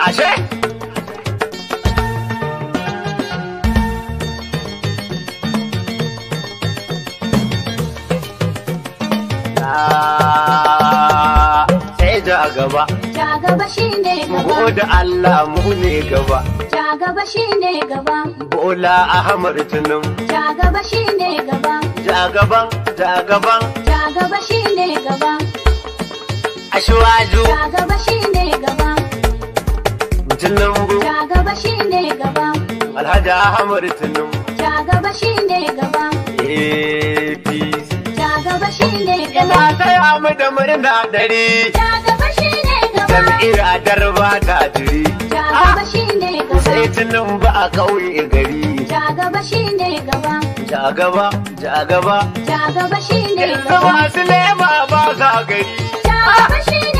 ashe ah, sai ja gaba ja gaba shi ne gaba da Allah mu ne gaba ja gaba shi ne gaba Bola Ahmad Tunum ja gaba shi ne gaba ja gaba ja gaba ja gaba shi ne gaba Ashwaju ja gaba shi ne gaba Alhaji Ahmad Tinubu. Ja gaba shi ne gaba. APC. Ja gaba shi ne gaba. Ina taya mu da murna dare. Ja gaba shi ne gaba. Jam'iyyar Adarba ta jiri. Ja ah, gaba shi ne gaba. Sai Tinubu a kauye gari. Ja gaba shi ne gaba. Ja gaba, ja gaba. Ja gaba shi ne gaba. Ina masu lema ba za gari. Ja gaba shi ne gaba.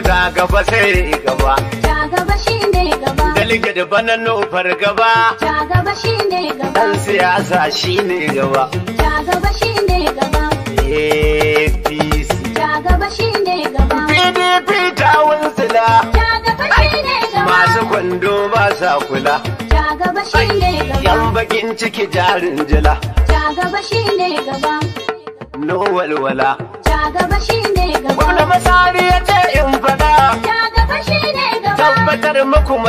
gaba da gaba sai gaba. gaba shi ne gaba. Dalike da banan nufar gaba. gaba shi ne gaba. Dan siyasa shi ne gaba. gaba shi ne gaba. APC. Da gaba shi ne gaba. PDP ta wunsila. gaba shi ne gaba. Masu kwando ba sa kula. gaba shi ne gaba. Yan bakin ciki jarin jila. Jagaba gaba shi ne gaba. No walwala. Jagaba gaba shi ne gaba. Gwamna masari ya ce on.